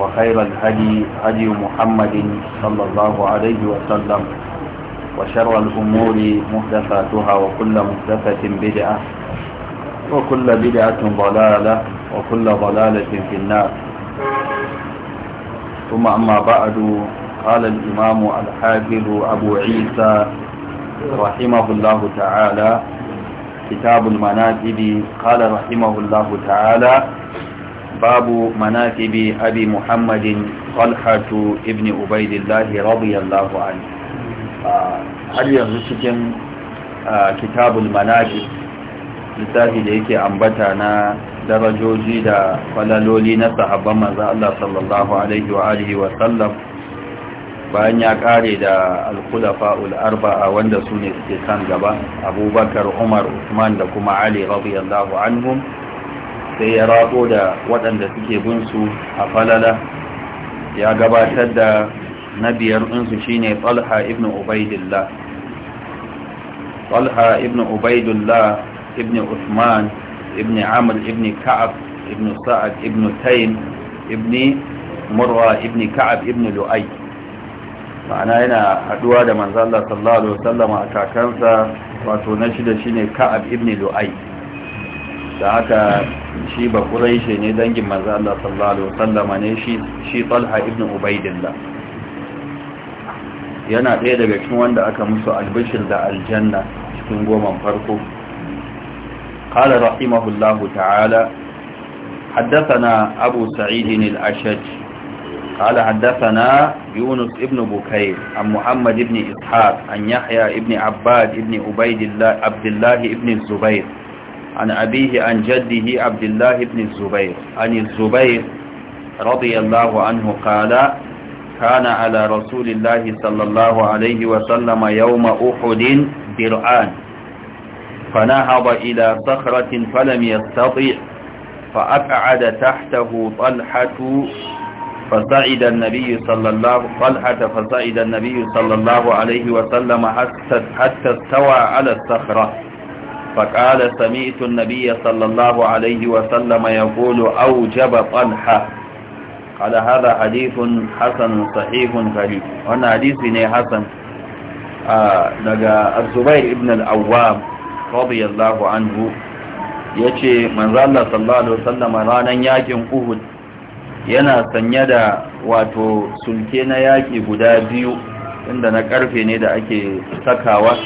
وخير الهدي هدي محمد صلى الله عليه وسلم وشر الأمور محدثاتها وكل محدثة بدعة وكل بدعة ضلالة وكل ضلالة في النار ثم أما بعد قال الإمام الحافظ أبو عيسى رحمه الله تعالى كتاب المناكب قال رحمه الله تعالى باب مناكب أبي محمد طلحة ابن عبيد الله رضي الله عنه هل يغسكم كتاب المناكب littafi da yake ambata na darajoji da falaloli na sahabban manzo Allah sallallahu alaihi wa alihi bayan ya kare da al-khulafa'ul arba'a wanda sune suke kan gaba Abubakar Umar usman da kuma Ali radiyallahu sai ya rago da waɗanda suke bin a falala ya gabatar da na biyar ɗinsu shine talha ibn ubaidillah talha ibn ubaidillah ibn usman ibn amr ibn ka'ab ibn sa'ad ibn taym ibn murwa ibn ka'ab ibn lu'ay ma'ana yana haɗuwa da manzo Allah sallallahu alaihi wasallam a kakansa wato na shida shine ka'ab ibn lu'ay da aka shi ba ƙuraishe ne dangin maza Allah sallallahu Alaihi wasallama ne shi talha ibn ubaidillah yana ɗaya daga cikin wanda aka musu albishir da aljanna cikin goman farko ƙala rahimahullahu ta'ala haddasana abu sa'idin al'ashaj ƙala haddasana yunus ibn bukai a muhammad ibn ishaq an yahya ibn abbad ibn ibn zubair عن أبيه عن جده عبد الله بن الزبير عن الزبير رضي الله عنه قال كان على رسول الله صلى الله عليه وسلم يوم أحد درعان فنهض إلى صخرة فلم يستطع فأقعد تحته طلحة فصعد النبي صلى الله طلحة فصعد النبي صلى الله عليه وسلم حتى حتى استوى على الصخرة فقال سمعت النبي صلى الله عليه وسلم يقول أوجب طلحة قال هذا حديث حسن صحيح غريب وانا حديث بني حسن daga الزبير ابن الأوام رضي الله عنه yace manzo sallallahu alaihi wasallam ranan yakin Uhud yana sanye da wato sulke na yaki guda biyu inda na karfe ne da ake sakawa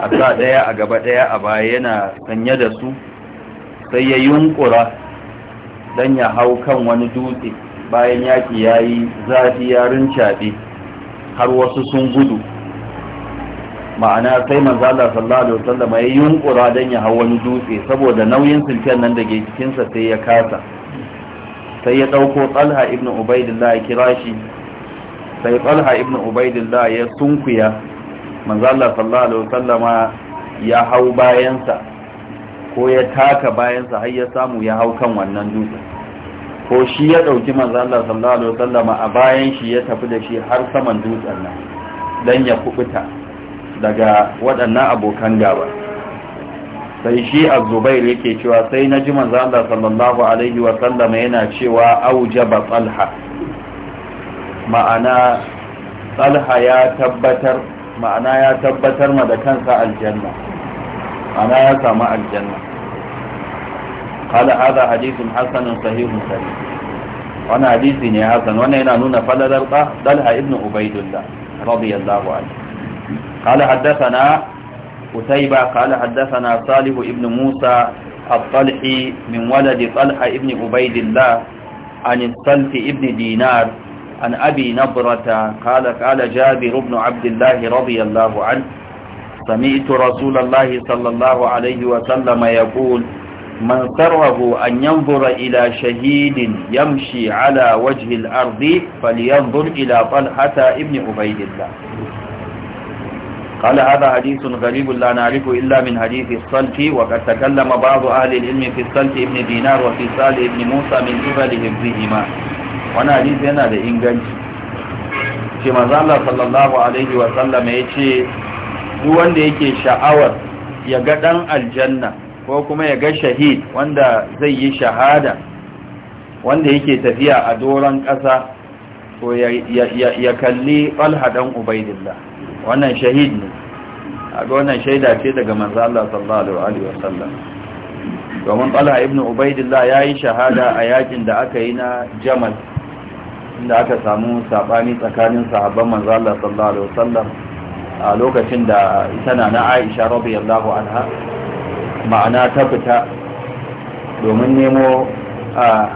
a sa ɗaya a gaba ɗaya a baya yana sanye da su sai ya yunkura don ya hau kan wani dutse bayan yaƙi ya yi zafi ya rincaɓe har wasu sun gudu ma'ana sai manzala sallallahu alaihi wasallam ya yunkura don ya hau wani dutse saboda nauyin silken nan da ke cikinsa sai ya kasa sai ya ɗauko talha ibn ubaidillah ya kira shi sai talha ibn ubaidillah ya sunkuya manzala sallallahu alaihi wasallama ya hau bayansa ko ya taka bayansa har ya samu ya hau kan wannan dutsen ko shi ya ɗauki manzala sallallahu alaihi wasallama a bayan shi ya tafi da shi har saman dutsen nan don ya kubuta daga waɗannan abokan gaba sai shi a zubair yake cewa sai na ji manzala sallallahu alaihi wasallama yana cewa aujaba tsalha ma'ana tsalha ya tabbatar ma'ana ya tabbatar ma da kansa aljanna ma'ana ya samu aljanna qala hadha hadithun hasanun sahihun sahih wani hadisi ne hasan wani yana nuna falalar ka dalha ibn ubaidullah radiyallahu anhu qala haddathana قتيبة قال حدثنا صالح ابن موسى الطلحي من ولد طلحة ابن عبيد الله عن الطلح ابن دينار عن أبي نبرة قال قال جابر بن عبد الله رضي الله عنه سمعت رسول الله صلى الله عليه وسلم يقول من سره أن ينظر إلى شهيد يمشي على وجه الأرض فلينظر إلى طلحة ابن عبيد الله قال هذا حديث غريب لا نعرفه إلا من حديث الصلت وقد تكلم بعض أهل العلم في الصلت ابن دينار وفي صالح ابن موسى من قبل فيهما wani hadisi yana da inganci ce mazala sallallahu alaihi wa sallama ya ce duk wanda yake sha'awar ya ga ɗan aljanna ko kuma ya ga shahid wanda zai yi shahada wanda yake tafiya a doron ƙasa ko ya kalli ɓalhaɗan ubaidillah wannan shahid ne a ga wannan shaida ce daga manzala sallallahu alaihi wa sallam. domin ɓalha ibn ubaidillah ya yi shahada a yakin da aka yi na jamal inda aka samu sabani tsakanin sahabban manzo Allah sallallahu alaihi wasallam a lokacin da ita na Aisha radiyallahu anha ma'ana ta fita domin nemo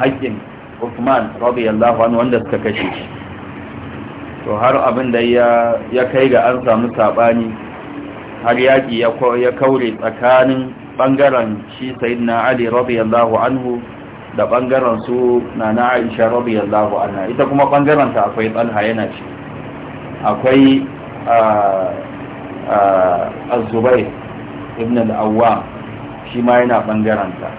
haƙƙin Uthman radiyallahu anhu wanda suka kashe shi to har abin da ya ya kai ga an samu sabani har yaki ya ya kaure tsakanin bangaren shi sayyidina Ali radiyallahu anhu da ɓangaren su na na aisha radiyallahu anha ita kuma bangaren ta akwai talha yana ci akwai az-zubair ibn al-awwam shi ma yana bangaren ta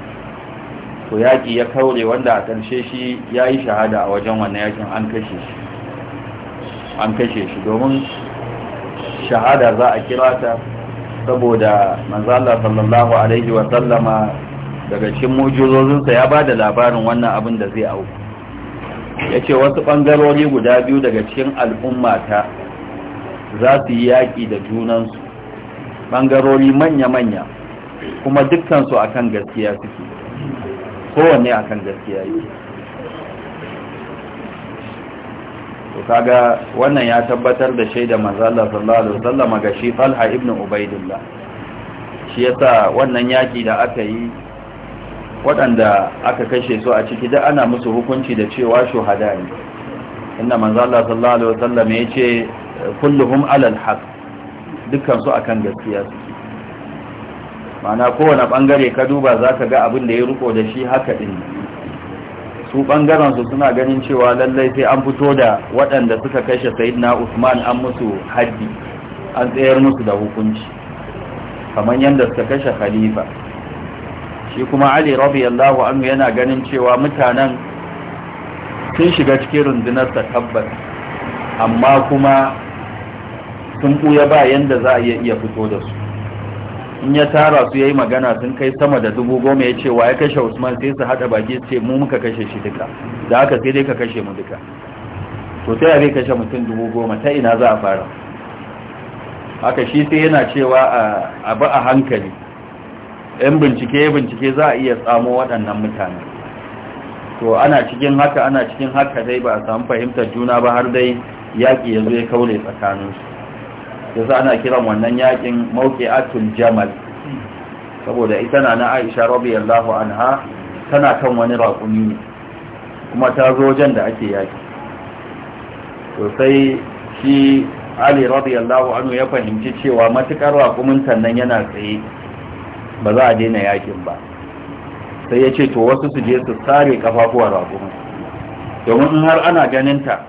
to yaki ya kaure wanda a karshe shi yayi shahada a wajen wannan yakin an kashe shi an kashe shi domin shahada za a kira ta saboda manzala sallallahu alaihi wa sallama daga cikin mujizozinsa ya ba da labarin wannan abin da zai auku ya ce wasu ɓangarori guda biyu daga cikin al'ummata za su yi yaƙi da junansu ɓangarori manya-manya kuma dukkansu a kan gaskiya suke kowanne a kan gaskiya yi kaga wannan ya tabbatar da shaida manzala sallallahu alaihi wasallam ga shi Talha ibn Ubaidullah, shi yasa wannan yaki da aka yi waɗanda aka kashe su a ciki da ana musu hukunci da cewa shuhada ne inda manzala sallallahu alaihi wasallam ya ce kulluhum alal haq dukkan su akan gaskiya suke mana kowane bangare ka duba zaka ga abin da ya riko da shi haka din su bangaren su suna ganin cewa lallai sai an fito da waɗanda suka kashe sayyidina Usman an musu haddi an tsayar musu da hukunci kamar yadda suka kashe khalifa shi kuma ali radiyallahu anhu yana ganin cewa mutanen sun shiga cikin rundunar ta tabbas amma kuma sun buya ba yanda za a iya fito da su in ya tara su yayi magana sun kai sama da dubu goma ya ce wa ya kashe Usman sai su hada baki ce mu muka kashe shi duka da haka sai dai ka kashe mu duka to sai zai kashe mutum dubu goma ta ina za a fara haka shi sai yana cewa a bi a hankali Yan bincike bincike za a iya tsamo waɗannan mutane to ana cikin haka ana cikin haka dai ba a samu fahimtar juna ba har dai yaƙi ya zo ya kaure tsakaninsu yasa ana kiran wannan yaƙin mauke atul jamal saboda ita na na aisha rabi radiyallahu anha tana kan wani raƙumi ne kuma ta zo wajen da ake yaƙi to sai shi ali rabi radiyallahu anhu ya fahimci cewa matuƙar raƙumin sannan yana tsaye ba za a daina yakin ba sai ya ce to wasu su je su tsare kafafuwar raƙumin domin in har ana ganin ta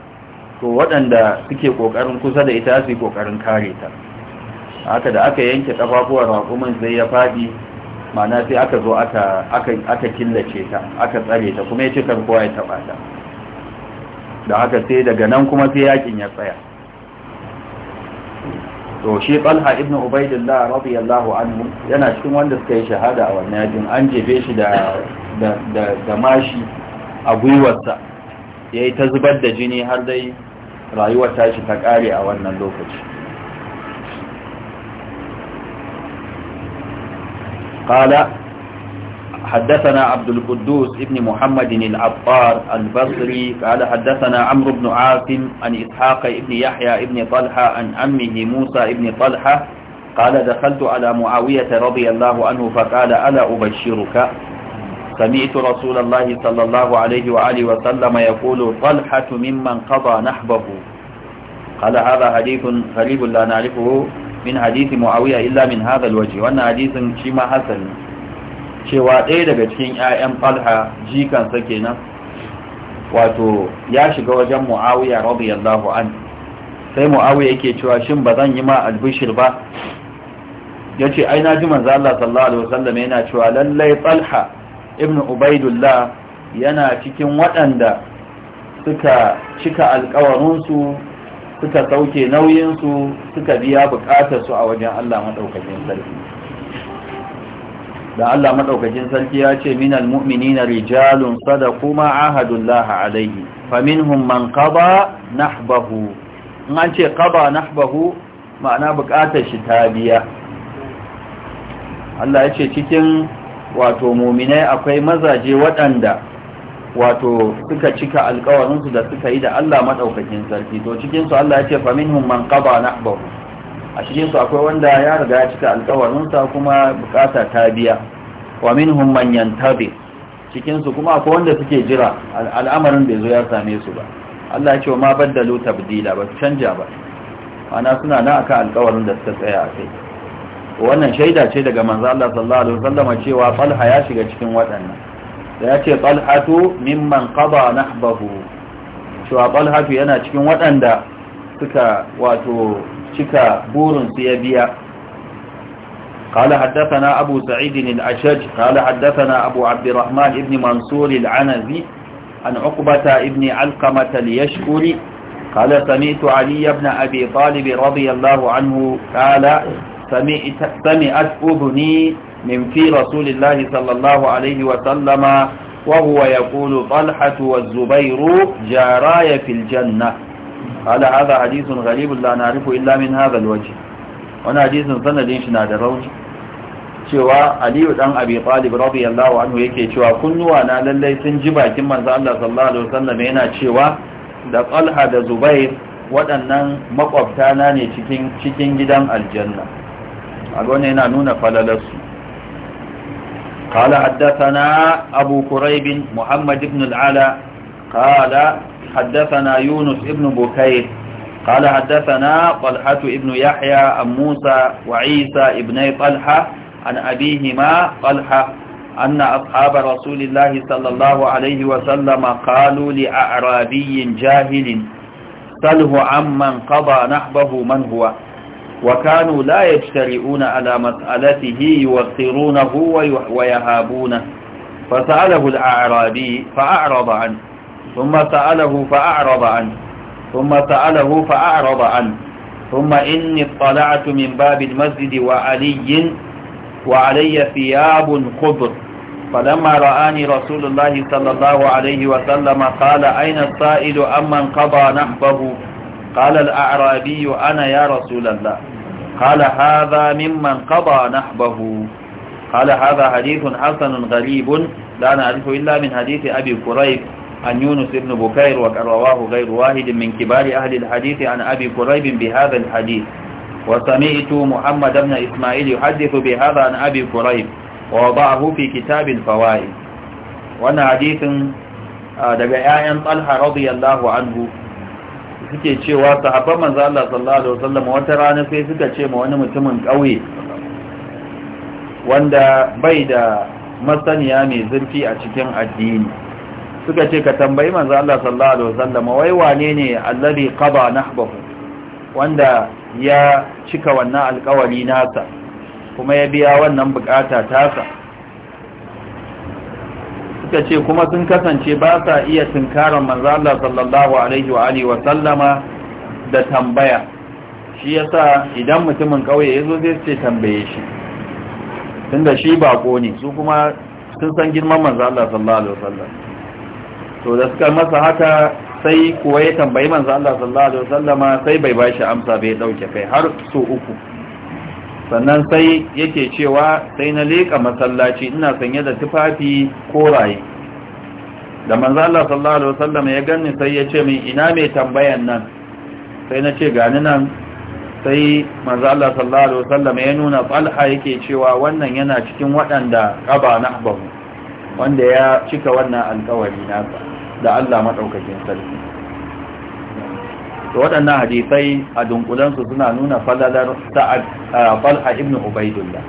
to waɗanda suke ƙoƙarin kusa da ita su yi ƙoƙarin kare ta haka da aka yanke kafafuwar raƙumin sai ya faɗi ma'ana sai aka zo aka killace ta aka tsare ta kuma ya ce karkowa ya taɓa ta da haka sai daga nan kuma sai yakin ya tsaya to shi talha ibn ubaidillah radiyallahu anhu yana cikin wanda suka yi shahada a wannan yakin an jefe shi da da mashi a gwiwarsa ya yi ta zubar da jini har dai rayuwar tashi ta kare a wannan lokaci kala حدثنا عبد القدوس ابن محمد العطار البصري قال حدثنا عمرو بن عاصم عن إسحاق ابن يحيى ابن طلحة عن أمه موسى ابن طلحة قال دخلت على معاوية رضي الله عنه فقال ألا أبشرك سمعت رسول الله صلى الله عليه وآله وسلم يقول طلحة ممن قضى نحبه قال هذا حديث غريب لا نعرفه من حديث معاوية إلا من هذا الوجه وأن حديث شما حسن cewa ɗaya daga cikin 'ya'yan falha jikansa kenan wato ya shiga wajen mu'awiya radiyallahu an sai mu'awiya yake cewa shin ba zan yi ma albishir ba ya ce ai na ji Allah sallallahu alaihi wasallam yana cewa lallai falha ibn ubaidullah yana cikin waɗanda suka cika alkawarinsu suka sauke nauyinsu suka biya buƙatarsu a wajen Allah maɗaukakin sarki da Allah madaukakin sarki ya ce minal mu'minina rijalun sadaqu ma ahadullah alayhi faminhum man qada nahbahu man an ce qada nahbahu ma'ana buƙatar shi ta biya Allah ya ce cikin wato muminai akwai mazaje waɗanda wato suka cika alkawarinsu da suka yi da Allah madaukakin sarki to cikinsu Allah ya ce faminhum man qada nahbahu a cikinsu akwai wanda ya riga ya cika sa kuma bukata ta biya wa minhum man yantabi cikin kuma akwai wanda suke jira al'amarin bai zo ya same su ba Allah ya ce ma baddalu tabdila ba canja ba ana suna na akan alƙawarin da suka tsaya a kai wannan shaida ce daga manzo Allah sallallahu alaihi wasallam cewa Talha ya shiga cikin waɗannan da yace Talhatu mimman qada nahbahu cewa Talhatu yana cikin waɗanda suka wato cika burinsu ya biya قال حدثنا أبو سعيد الأشج قال حدثنا أبو عبد الرحمن بن منصور العنزي عن عقبة بن علقمة اليشكري قال سمعت علي بن أبي طالب رضي الله عنه قال سمعت, سمعت أذني من في رسول الله صلى الله عليه وسلم وهو يقول طلحة والزبير جاراي في الجنة قال هذا حديث غريب لا نعرفه إلا من هذا الوجه وانا حديث سندين شنا da rauni cewa Aliyu dan Abi Talib radiyallahu anhu yake cewa kunnuwa na lallai sun ji bakin manzo Allah sallallahu yana cewa da Talha da Zubair waɗannan makwabta ne cikin gidan aljanna yana nuna falalarsu قال حدثنا أبو كريب محمد بن العلا قال حدثنا يونس ابن بكير قال حدثنا طلحة ابن يحيى عن موسى وعيسى ابني طلحة عن أبيهما طلحة أن أصحاب رسول الله صلى الله عليه وسلم قالوا لأعرابي جاهل سله عمن قضى نحبه من هو وكانوا لا يجترئون على مسألته يوقرونه ويهابونه فسأله الأعرابي فأعرض عنه ثم سأله فأعرض عنه ثم سأله فأعرض عنه ثم إني اطلعت من باب المسجد وعلي وعلي ثياب خضر فلما رآني رسول الله صلى الله عليه وسلم قال أين السائل أما قضى نحبه قال الأعرابي أنا يا رسول الله قال هذا ممن قضى نحبه قال هذا حديث حسن غريب لا نعرف إلا من حديث أبي كريب عن يونس بن بكير وكرواه غير واحد من كبار أهل الحديث عن أبي كريب بهذا الحديث وسمعت محمد بن إسماعيل يحدث بهذا عن أبي كريب ووضعه في كتاب الفوائد وانا حديث daga ‘ya'yan talha radiyallahu anhu suke cewa sahabban manzo Allah sallallahu alaihi wasallam wata rana sai suka ce ma wani mutumin ƙauye wanda bai da masaniya mai zurfi a cikin addini suka ce ka tambayi manzo Allah sallallahu alaihi wasallam wai wane ne allazi qada nahbahu wanda ya cika wannan alƙawari nasa kuma ya biya wannan bukata tasa suka ce kuma sun kasance ba sa iya tunkarar manzo Allah sallallahu alaihi wa alihi wasallama da tambaya shi yasa idan mutumin kauye yazo zai ce tambaye shi tunda shi bako ne su kuma sun san girman manzo Allah sallallahu alaihi wasallam to da suka masa haka sai kuwa ya tambayi manzo Allah sallallahu alaihi wasallama sai bai bashi amsa bai dauke kai har su uku sannan sai yake cewa sai na leka masallaci ina sanye da tufafi koraye da manzo Allah sallallahu alaihi wasallama ya ganni sai ya ce min ina mai tambayan nan sai na ce gani nan sai manzo Allah sallallahu alaihi wasallama ya nuna falha yake cewa wannan yana cikin waɗanda qaba nahbahu wanda ya cika wannan alƙawari nasa da Allah maɗaukakin sarki waɗannan hadisai a dunkulensu suna nuna falalar falha ibn ubaidullah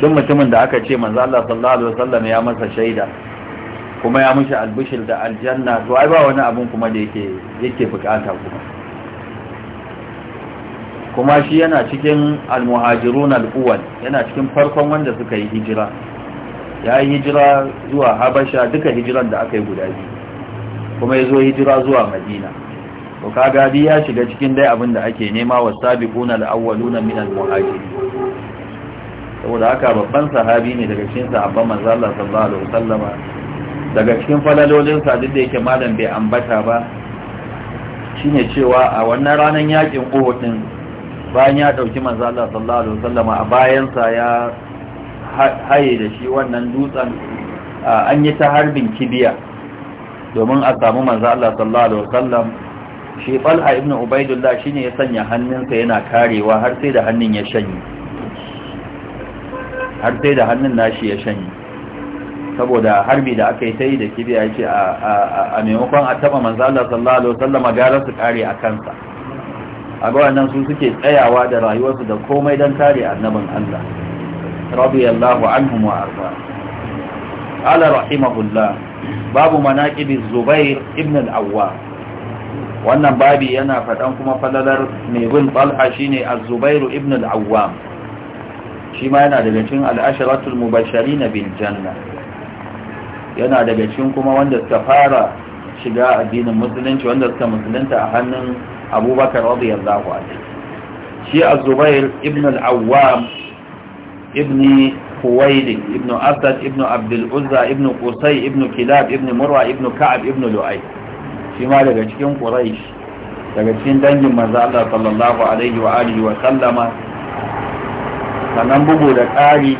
duk mutumin da aka ce manzo Allah sallallahu alaihi wasallam ya masa shaida kuma ya mushi albishir da aljanna to ai ba wani abun kuma da yake yake bukata kuma kuma shi yana cikin almuhajirun al'uwal yana cikin farkon wanda suka yi hijira ya yi hijira zuwa habasha duka hijiran da aka yi guda biyu kuma ya zo hijira zuwa madina to kaga ya shiga cikin dai abin da ake nema wa sabiquna al-awwaluna min al-muhajirin saboda haka babban sahabi ne daga cikin sahabban manzo Allah sallallahu alaihi wasallama daga cikin falalolin sa duk da yake malam bai ambata ba shine cewa a wannan ranar yakin Uhud din bayan ya dauki manzo Allah sallallahu alaihi wasallama a bayan sa ya haye da shi wannan dutsen an yi ta harbin kibiya domin a samu manzo Allah sallallahu alaihi wasallam shi Talha ibn Ubaidullah shine ya sanya hannunsa yana karewa har sai da hannun ya shanye har sai da hannun nashi ya shanye saboda harbi da aka yi ta yi da kibiya ce a maimakon a taba manzo Allah sallallahu alaihi wasallam gara su kare a kansa a ga wannan su suke tsayawa da rayuwarsu da komai don kare annabin Allah رضي الله عنهم وأرضاه قال رحمه الله باب مناكب الزبير ابن الأواب wannan babi yana faɗan kuma falalar mai bin talha shine a zubairu ibn al shi ma yana daga cin al-asharatul mubashirin bin janna yana daga cikin kuma wanda suka fara shiga addinin musulunci wanda suka musulunta a hannun abubakar radiyallahu anhu shi a zubair ibn al-awwam ابن خويلد ابن أسد ابن عبد العزى ابن قصي ابن كلاب ابن مروى ابن كعب ابن لؤي فيما لقى cikin قريش daga cikin dangin manzo Allah sallallahu alaihi wa alihi wa sallama sanan bugu da ƙari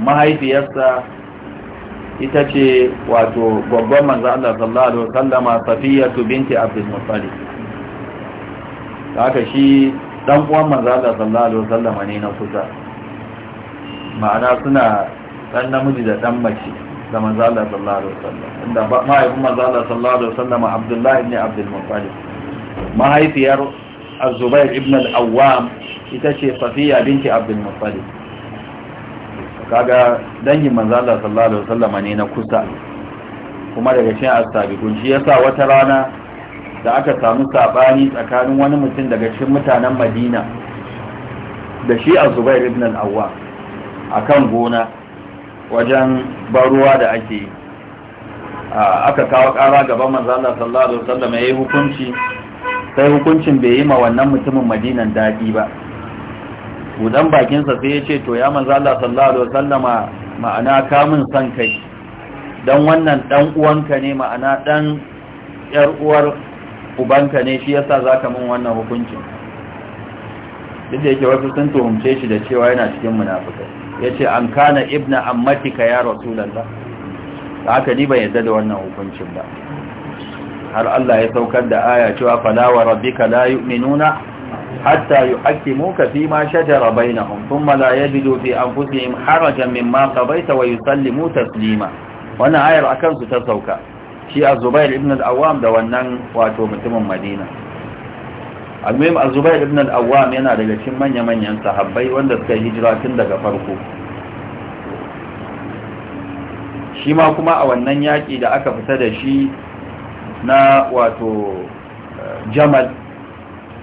mahaifiyarsa ita ce wato babban manzo Allah sallallahu alaihi wa sallama Safiyatu binti Abdul Muttalib haka shi dan uwan manzo Allah sallallahu alaihi wa sallama ne na kusa ma'ana suna dan namiji da ɗan mace da manzo Allah sallallahu alaihi inda mahaifin manzo Allah sallallahu alaihi wasallam Abdullah ibn Abdul mahaifiyar Az-Zubair ibn al-Awwam ita ce Safiya binti Abdul Muttalib kaga dangin manzo Allah sallallahu alaihi wasallam ne na kusa kuma daga cikin as-sabiqun shi yasa wata rana da aka samu sabani tsakanin wani mutum daga cikin mutanen Madina da shi Az-Zubair ibn al-Awwam akan gona wajen baruwa da ake yi aka kawo ƙara gaban manzala sallallahu alaihi wasallam yi hukunci sai hukuncin bai yi ma wannan mutumin madinan daɗi ba budan bakinsa sai ya ce to ya manzala sallallahu alaihi wasallam ma'ana kamun san kai dan wannan dan uwanka ne ma'ana dan yar uwar ubanka ne shi yasa zaka mun wannan hukuncin duk da yake wasu sun tuhumce shi da cewa yana cikin munafikai Ya ce an kana ibna ammatika ya rasulullah haka ni ban da wannan hukuncin ba har Allah ya saukar da aya cewa falawa wa rabbika la yu'minuna hatta yu'akkimuka fi ma shajara bainahum thumma la yajidu fi anfusihim harajan mimma qadaita wa yusallimu taslima wannan ayar akan su ta sauka shi az-zubair ibn al-awwam da wannan wato mutumin madina almuhim azubair ibn al-awwam yana daga cikin manya-manyan sahabbai wanda suka yi hijira tun daga farko shi ma kuma a wannan yaƙi da aka fita da shi na wato eh, jamal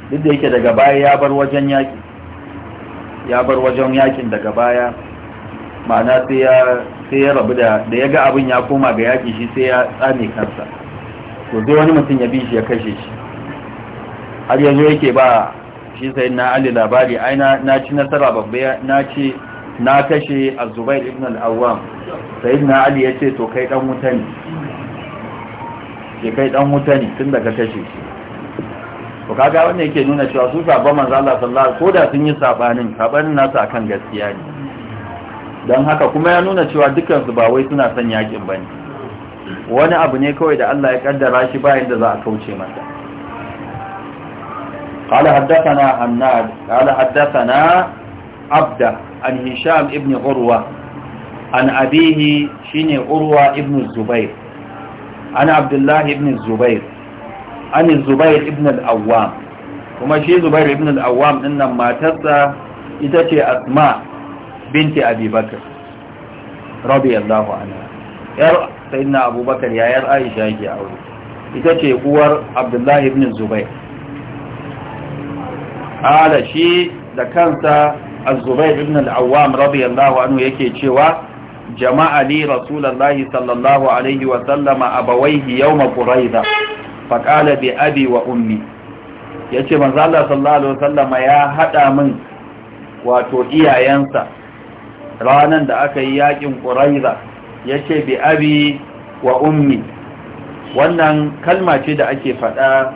duk da yake daga baya ya bar wajen yaƙi ya bar wajen yaƙin daga baya ma'ana sai ya rabu da ya ga abin ya koma ga yaƙi shi sai ya tsame kansa to sai wani mutum ya bi shi ya kashe shi har yanzu yake ba shi sai na ali labari ai na ci nasara babba na ce na kashe azubair ibn al-awwam na ali yace to kai dan wuta ne ke kai dan wuta ne tun daga kashe shi to kaga wannan yake nuna cewa su sabon manzo Allah sallallahu alaihi koda sun yi sabanin sabanin nasu akan gaskiya ne dan haka kuma ya nuna cewa dukkan su ba wai suna son yakin bane wani abu ne kawai da Allah ya kaddara shi bayan da za a kauce masa قال حدثنا حناد قال حدثنا عبد عن هشام ابن عروة عن أبيه شين عروة ابن الزبير عن عبد الله ابن الزبير عن الزبير ابن الأوام وما شي زبير ابن الأوام إنما تسا إتتي أسماء بنت أبي بكر رضي الله عنها ير سيدنا أبو بكر يا ير عائشة يجي أولي إتتي هو عبد الله ابن الزبير qala shi da kansa az-zubayr ibn al-awwam radiyallahu anhu yake cewa jama'a li rasulullahi sallallahu alaihi wa sallama abawaihi yawma quraiza fa bi abi wa ummi yace manzo Allah sallallahu alaihi wa sallama ya hada min wato iyayensa ranan da aka yi yakin quraiza yace bi abi wa ummi wannan kalma ce da ake fada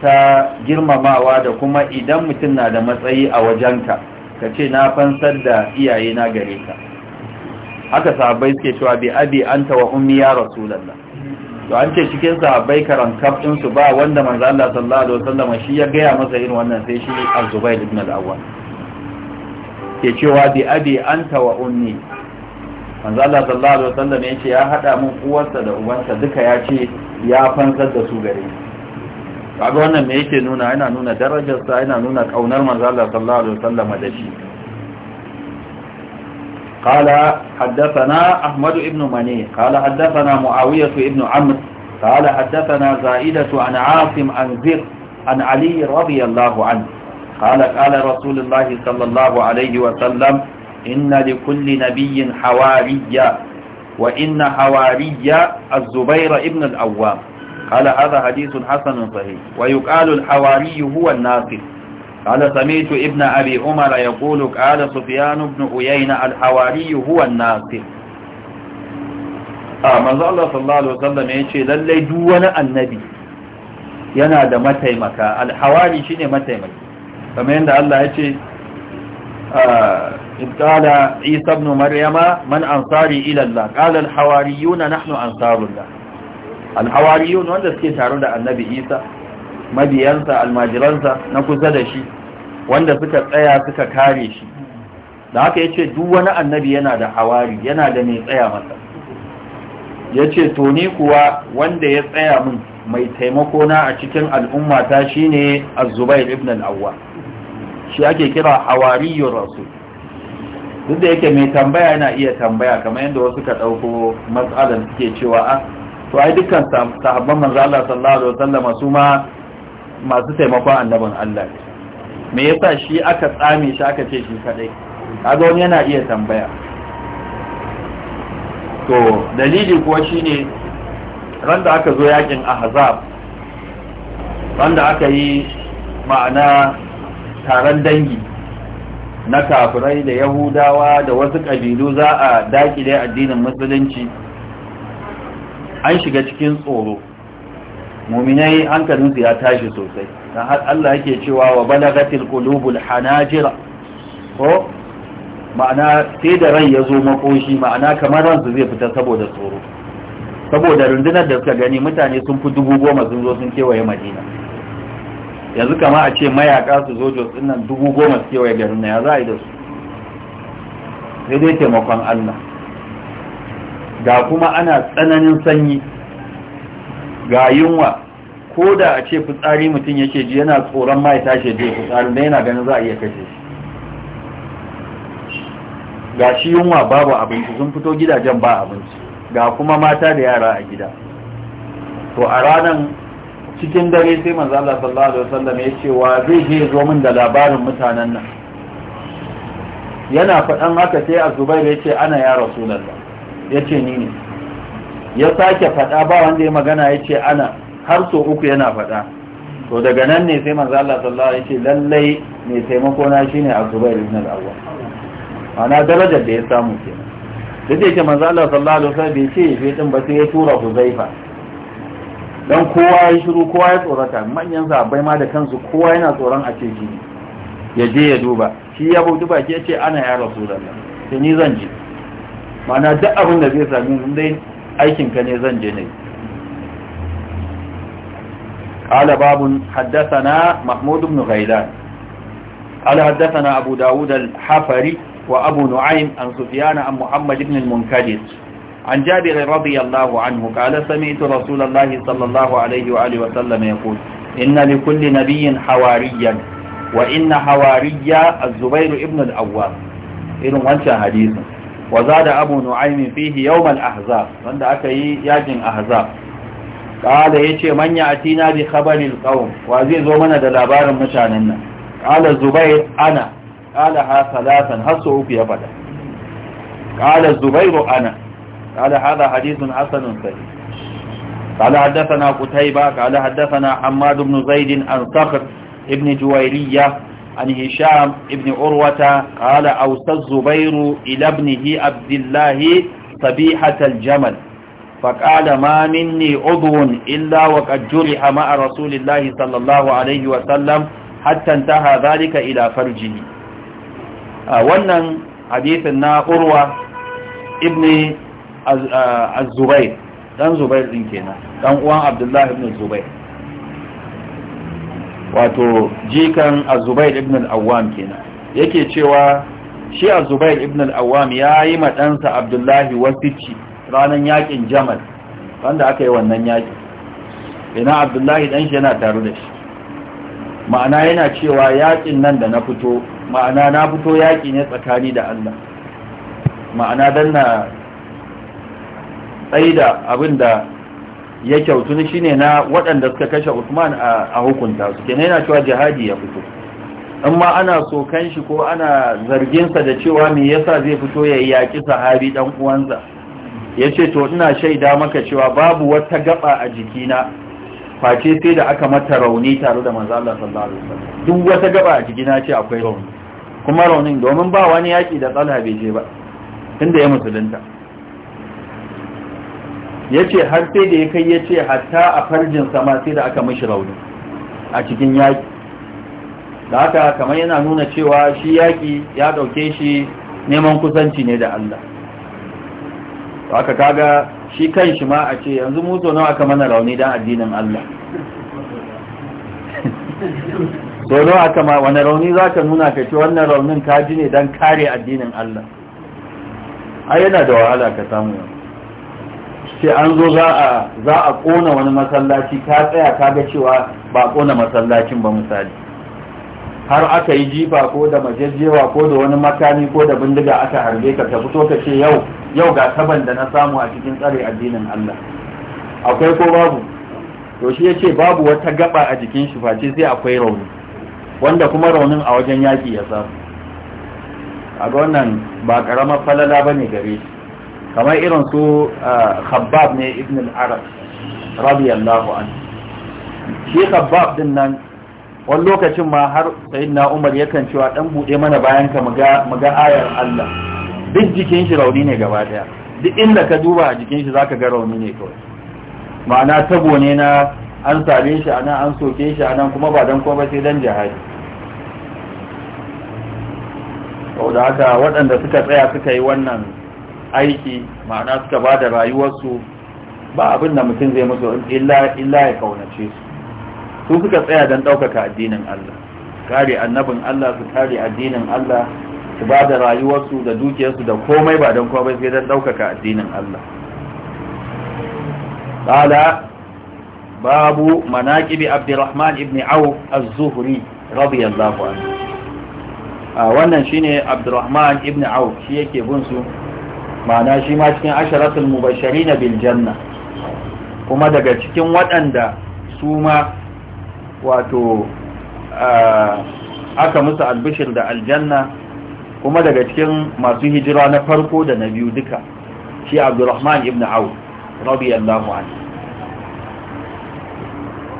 ta girmamawa da kuma idan mutum na da matsayi a wajenka ka ce na fansar da iyaye na gare ka haka sahabbai suke cewa bi abi anta wa ummi ya rasulullah to an ce cikin sahabbai karan kafin su ba wanda manzo Allah sallallahu alaihi wasallam shi ya gaya masa irin wannan sai shi Az-Zubair ibn al-Awwal ke cewa bi abi anta wa ummi manzo Allah sallallahu alaihi wasallam ya ce ya hada mun uwarsa da ubansa duka ya ce ya fansar da su gare ni kaga wannan me yake nuna yana nuna darajarsa yana nuna kaunar manzo Allah sallallahu alaihi wasallam da shi قال حدثنا أحمد بن مني قال حدثنا معاوية بن عمرو قال حدثنا زائدة عن عاصم عن زر عن علي رضي الله عنه قال قال رسول الله صلى الله عليه وسلم إن لكل نبي حواري وإن حواري الزبير ابن الأوام قال هذا حديث حسن صحيح ويقال الحواري هو الناقل قال سمعت ابن أبي عمر يقول قال سفيان بن عيينة الحواري هو الناقل a manzo Allah sallallahu alaihi wasallam yace lalle duk wani annabi yana da mataimaka alhawari shine mataimaki kamar da Allah yace qala Isa ibn Maryama man ansari ila Allah qala alhawariyuna nahnu ansarullah alhawariyun wanda suke tare da annabi isa mabiyansa almajiransa na kusa da shi wanda suka tsaya suka kare shi da haka ya ce duk wani annabi yana da hawari yana da mai tsaya masa ya ce to ni kuwa wanda ya tsaya min mai taimakona a cikin al'ummata shine az-zubair ibn al-awwa shi ake kira hawariyur rasul duk da yake mai tambaya yana iya tambaya kamar yadda wasu ka ɗauko matsalar suke cewa a ah, to ai dukkan sahabban manzo Allah sallallahu alaihi wasallam su ma masu taimakon annabin Allah me yasa shi aka tsame shi aka ce shi kadai kaga wani yana iya tambaya to dalili kuwa shine ran da aka zo yakin ahzab ran da aka yi ma'ana taron dangi na kafirai da yahudawa da wasu ƙabilu za a dakile addinin musulunci an shiga cikin tsoro muminai hankalinsu ya tashi sosai don har Allah yake cewa wa balagatil qulubul hanajira ko ma'ana sai da ran ya zo makoshi ma'ana kamar ransu zai fita saboda tsoro saboda rundunar da suka gani mutane sun fi dubu goma sun zo sun kewaye madina yanzu kama a ce mayaka su zo jos dubu goma su kewaye garin na ya za a yi da su sai dai taimakon Allah ga kuma ana tsananin sanyi ga yunwa ko da a ce fitsari mutum yake ji yana tsoron ma ya tashi da fitsari da yana ganin za a iya kashe shi ga shi yunwa babu abinci sun fito gidajen ba abinci ga kuma mata da yara a gida to a ranar cikin dare sai manzo Allah sallallahu alaihi wasallam ya ce wa zai je zo min da labarin mutanen nan yana faɗan haka sai Azubair ya ce ana ya Rasulullah ya ce ni ne ya sake faɗa ba wanda ya magana ya ce ana har so uku yana faɗa to daga nan ne sai manzo Allah sallallahu alaihi wasallam ya ce lallai mai taimako na shine Azubair ibn al awwa ana darajar da ya samu kenan duk da yake manzo Allah sallallahu alaihi wasallam bai ce bai din ba sai ya tura ku zaifa dan kowa ya shiru kowa ya tsorata manyan sahabbai ma da kansu kowa yana tsoron a ce shi ya je ya duba shi ya bauta baki ya ce ana ya rasulullah sai ni zan je mana duk abin da zai sami zai aikinka ne zan je ne ƙala babun haddasana mahmudu bin ghailan ƙala haddasana abu dawud al-hafari wa abu nu'aym an sufiyana an muhammad ibn al-munkadir an jabir radiyallahu anhu ƙala sami'tu rasulullahi sallallahu alaihi wa alihi wa sallam ya ku inna li kulli nabiyyin hawariyan wa inna hawariya az-zubair ibn al irin wancan hadisin wa zada abu nu'aymin fihi yawmal ahzab wanda aka yi yakin ahzab ce manya man ya'tina bi khabaril qawm wa zai zo mana da labarin mutanen nan qala zubair ana qala ha salatan hasu uku ya fada qala Zubairu ana qala hadha hadithun hasanun sahih قال حدثنا قتيبة قال حدثنا حماد بن زيد عن صخر Ibn جويرية عن هشام ابن عروة قال أوصى الزبير إلى ابنه عبد الله صبيحة الجمل فقال ما مني عضو إلا وقد جرح مع رسول الله صلى الله عليه وسلم حتى انتهى ذلك إلى فرجه wannan hadithin na urwa ibn az-zubair dan zubair din kenan dan uwan abdullahi ibn zubair wato jikan azubair ibn al-awwam kenan yake cewa shi azubair ibn al-awwam ya yi maɗansa abdullahi wasici ranar yakin jamal wanda aka yi wannan yaki ina abdullahi dan shi yana taru da shi ma'ana yana cewa yakin nan da na fito ma'ana na fito yaki ne tsakani da allah ma'ana dan na tsaida abin da ya kyautu ne shine na waɗanda suka kashe Usman a hukunta su kenan yana cewa jihadi ya fito amma ana so kan shi ko ana zargin sa da cewa me yasa zai fito ya yaki sahabi dan uwansa yace to ina shaida maka cewa babu wata gaba a jikina face sai da aka mata rauni tare da manzo Allah sallallahu alaihi wasallam duk wata gaba a jikina ce akwai rauni kuma raunin domin ba wani yaki da tsala bai je ba tunda ya musulunta yace har sai da ya kai yace hatta a farjin sama sai da aka mishi rauni a cikin yaki da haka kamar yana nuna cewa shi yaki ya dauke shi neman kusanci ne da Allah haka kaga shi kan shi ma a ce yanzu mu nawa aka mana rauni dan addinin Allah so nawa ma wani rauni zaka nuna ka ce wannan raunin ka ji ne dan kare addinin Allah ai yana da wahala ka samu yau. sai an zo za a kona wani masallaci ka tsaya ka ga cewa ba kona masallacin ba misali har aka yi jifa ko da majejewa ko da wani makami ko da bindiga aka harbe ka ta fito ka ce yau yau ga taban da na samu a cikin tsare addinin Allah akwai ko babu to shi yace babu wata gaba a jikin shi face sai akwai rauni wanda kuma raunin a wajen yaki ya samu a ga wannan ba karamar falala bane gare shi kamar irin su uh, khabbab ne ibn al-arab radiyallahu anhu shi khabbab din nan wani lokacin ma har na umar yakan cewa dan bude mana bayan ka mu ga ayar Allah duk jikin shi rauni ne gaba daya duk inda ka duba a jikin shi zaka ga rauni ne kawai ma'ana tabo ne na an same shi anan an soke shi anan kuma ba dan ba sai dan jihadi da haka waɗanda suka tsaya suka yi wannan aiki ma'ana suka ba da rayuwarsu ba abin da mutum zai musu illa ya kaunace su su suka tsaya don ɗaukaka addinin Allah kare annabin Allah su kare addinin Allah su ba da rayuwarsu da dukiyarsu da komai ba don komai sai don ɗaukaka addinin Allah ƙala babu manaƙibi abdurrahman ibn auf az-zuhri radiyallahu anhu wannan shine abdurrahman ibn auf shi yake bin su ma'ana shi ma cikin asharatul mubashirin bil biljanna kuma daga cikin waɗanda su ma wato aka musu albishir da aljanna kuma daga cikin masu hijira na farko da na biyu duka shi abdurrahman ibn awu radiyallahu anhu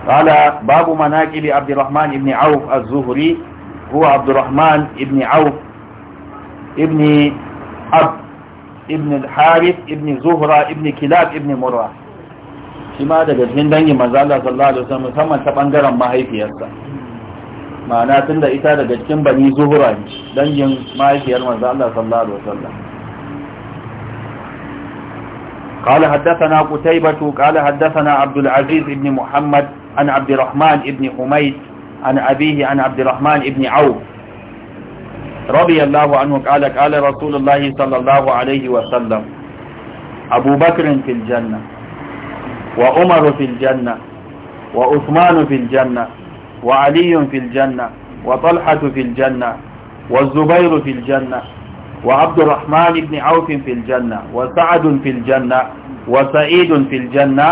قال باب مناقب عبد الرحمن بن عوف الزهري هو عبد الرحمن بن عوف ابن عبد ابن الحارث ابن زهرة ابن كلاب ابن مرة شما هذا جزمين دنجي مزالة صلى الله عليه وسلم ثم تبانجر ما هي في هذا معنى تند إتارة جزمين بني زهرة دنجي ما هي في المزالة صلى الله عليه وسلم قال حدثنا قتيبة قال حدثنا عبد العزيز ابن محمد عن عبد الرحمن ابن حميد عن أبيه عن عبد الرحمن ابن عوف رضي الله عنه قال قال رسول الله صلى الله عليه وسلم أبو بكر في الجنة وعمر في الجنة وعثمان في الجنة وعلي في الجنة وطلحة في الجنة والزبير في الجنة وعبد الرحمن بن عوف في الجنة وسعد في الجنة وسعيد في الجنة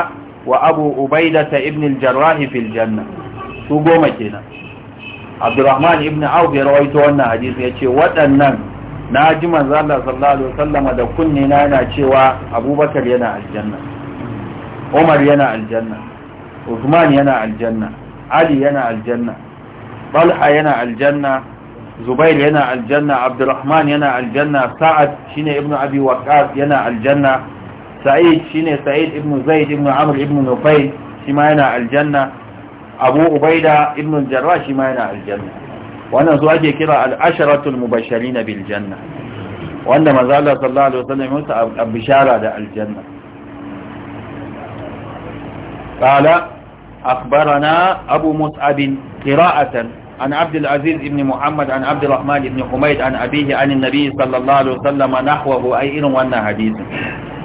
وأبو أبيدة ابن الجراح في الجنة سوقوا abdurrahman ibn auf ya rawaito wannan hadisi ya ce waɗannan na ji manzo sallallahu alaihi da kunne na yana cewa abubakar yana aljanna umar yana aljanna usman yana aljanna ali yana aljanna Balha yana aljanna zubair yana aljanna abdurrahman yana aljanna sa'ad shine ibn abi waqas yana aljanna sa'id shine sa'id ibn zaid ibn amr ibn nufayl shi ma yana aljanna abu ubaida ibn al-jarrah shi ma yana aljanna wannan su ake kira al-asharatul mubashirin bil janna wanda manzo Allah sallallahu alaihi wasallam ya mutu Bishara da aljanna qala akhbarana abu mus'ab qira'atan عن عبد العزيز بن محمد عن عبد الرحمن بن حميد عن أبيه عن النبي صلى الله عليه وسلم نحوه أي إن وانا حديث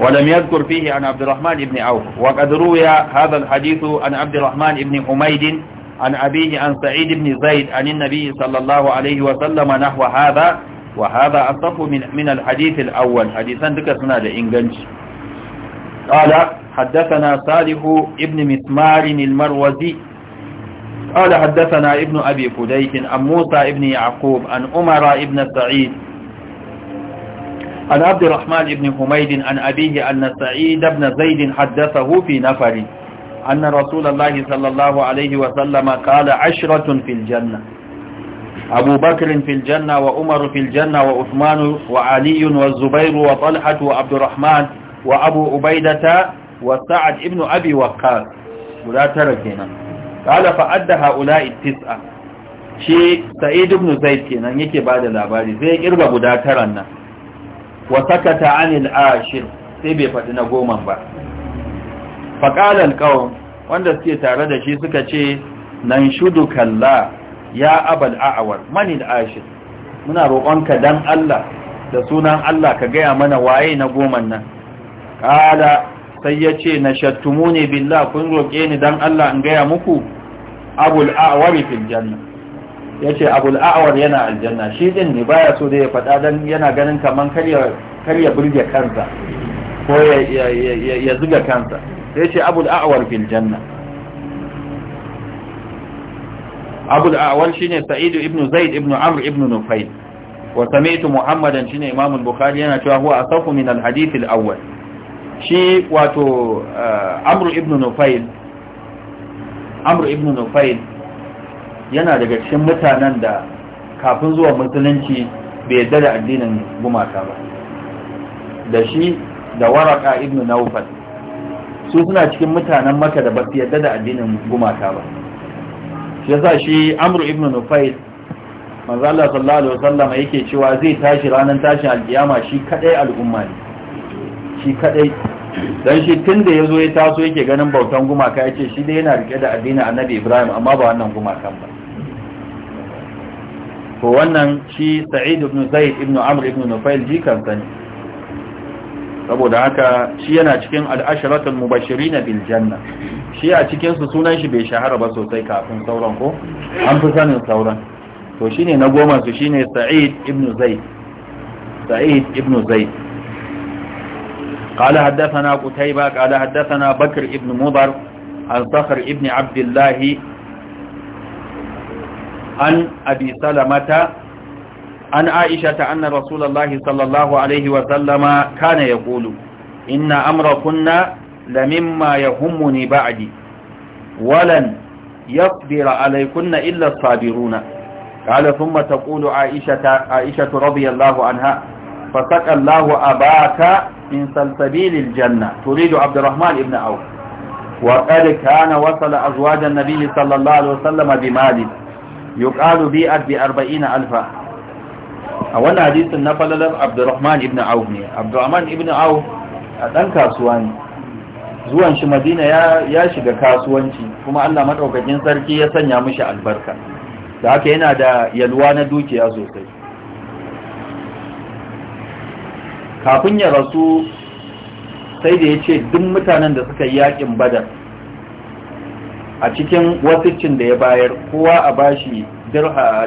ولم يذكر فيه عن عبد الرحمن بن عوف وقد روي هذا الحديث عن عبد الرحمن بن حميد عن أبيه عن سعيد بن زيد عن النبي صلى الله عليه وسلم نحو هذا وهذا أصف من, من الحديث الأول حديثا ذكرنا لإنجنش قال حدثنا صالح ابن مسمار المروزي قال حدثنا ابن أبي فديك عن موسى ابن يعقوب عن أمر ابن سعيد عن عبد الرحمن ابن حميد عن أبيه أن سعيد ابن زيد حدثه في نفر أن رسول الله صلى الله عليه وسلم قال عشرة في الجنة أبو بكر في الجنة وأمر في الجنة وعثمان وعلي والزبير وطلحة وعبد الرحمن وأبو عبيدة وسعد ابن أبي وقاص ولا تركنا Ƙala fa'adda Ha'ula haula'i ce sa'id ibn zaid kenan yake bada labari zai ƙirga guda taran nan wa sakata anil ashir sai bai faɗi na goma ba fa qala wanda suke tare da shi suka ce nan shudu kalla ya abal a'awar manil ashir muna roƙonka dan Allah da sunan Allah ka gaya mana waye na goman nan Ƙala. sai ya ce na shattumu ne billah kun roƙe ni don Allah in gaya muku abul a'wari fil janna ya ce abul yana aljanna shi din ne baya so da ya faɗa don yana ganin kamar karya birge kansa ko ya zuga kansa ya ce abul a'war fil janna abul a'war shine sa'idu ibnu zaid ibnu amr ibnu nufail wa sami'tu muhammadan shine imam al-bukhari yana cewa huwa asafu min al-hadith al-awwal shi wato eh, amru ibn nufail amru ibn nufail yana daga cikin mutanen da kafin zuwa musulunci bai yarda da addinin gumaka ba da shi da waraka ibn naufal su suna cikin mutanen maka da ba su yarda da addinin gumaka ba shi yasa shi amru ibn nufail manzo Allah sallallahu alaihi wasallam yake cewa zai tashi ranar tashin alkiyama shi kadai al'umma ne shi kadai dan shi tunda yazo ya taso yake ganin bautan gumaka yace shi dai yana rike da addinin Annabi Ibrahim amma ba wannan gumakan ba to wannan shi Sa'id ibn Zaid ibn Amr ibn Nufail jikan sani saboda haka shi yana cikin al-asharatul mubashirin bil janna shi a cikin su sunan shi bai shahara ba sosai kafin sauran ko an fi sanin sauran to shine na goma su shine Sa'id ibn Zaid Sa'id ibn Zaid قال حدثنا قتيبة قال حدثنا بكر ابن مضر عن صخر ابن عبد الله عن أبي سلمة عن عائشة أن رسول الله صلى الله عليه وسلم كان يقول إن أمركن لمما يهمني بعدي ولن يقدر عليكن إلا الصابرون قال ثم تقول عائشة, عائشة رضي الله عنها فسقى الله أباك min salsabilil janna turidu abdurrahman ibn auf wa qad kana wasala azwaj an-nabi sallallahu alaihi wasallam bi mali yuqalu bi abi 40000 a wannan hadisin na falalar abdurrahman ibn auf ne abdurrahman ibn auf a dan kasuwa ne zuwan shi madina ya shiga kasuwanci kuma Allah maɗaukakin sarki ya sanya mishi albarka da haka yana da yalwa na dukiya sosai kafin ya rasu sai da ya ce duk mutanen da suka yi yakin badar a cikin wasiccin da ya bayar kowa a bashi